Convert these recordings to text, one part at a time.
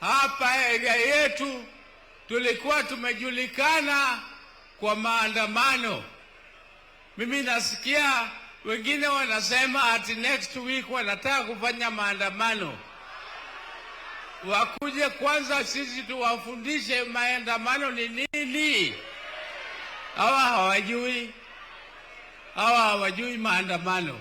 hapa area yetu tulikuwa tumejulikana kwa maandamano. Mimi nasikia wengine wanasema ati next week wanataka kufanya maandamano. Wakuje kwanza, sisi tuwafundishe maandamano ni nini. Hawa hawajui, hawa hawajui maandamano.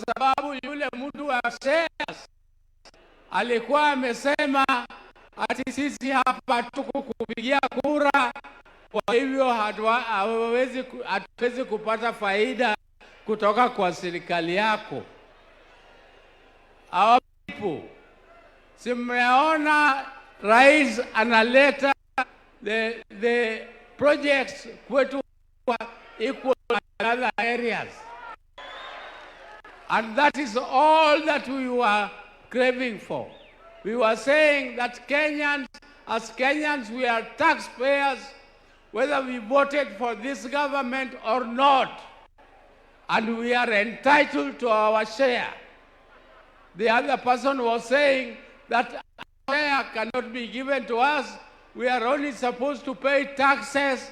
sababu yule mtu wa shares alikuwa amesema ati sisi hapa tuko kupigia kura, kwa hivyo hatuwezi hatuwezi kupata faida kutoka kwa serikali yako. Our people, si mmeona rais analeta the, the projects kwetu equal other areas And that is all that we were craving for. We were saying that Kenyans, as Kenyans, we are taxpayers, whether we voted for this government or not. And we are entitled to our share. The other person was saying that our share cannot be given to us. We are only supposed to pay taxes.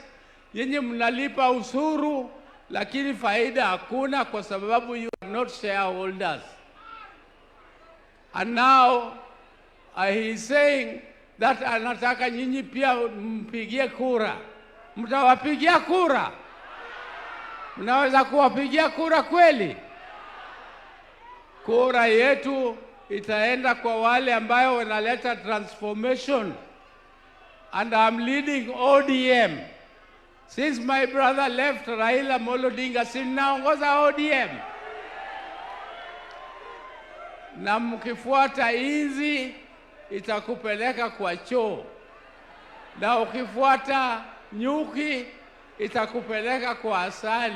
Yenye mnalipa usuru lakini faida hakuna, kwa sababu you are not shareholders. And now uh, he is saying that anataka nyinyi pia mpigie kura. Mtawapigia kura? Mnaweza kuwapigia kura kweli? Kura yetu itaenda kwa wale ambayo wanaleta transformation, and I'm leading ODM Since my brother left Raila molodinga Odinga, ODM na mkifuata inzi itakupeleka kwa choo, na ukifuata nyuki itakupeleka kwa asali.